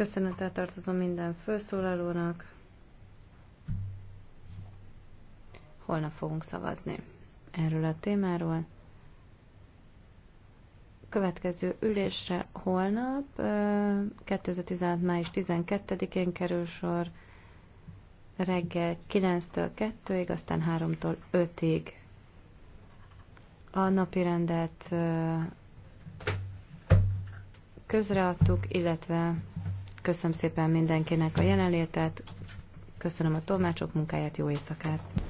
Köszönetet tartozom minden főszólalónak. Holnap fogunk szavazni erről a témáról. Következő ülésre holnap, 2016. május 12-én kerül sor reggel 9-től 2-ig, aztán 3-tól 5-ig. A napi rendet közreadtuk, illetve Köszönöm szépen mindenkinek a jelenlétet, köszönöm a tolmácsok munkáját, jó éjszakát!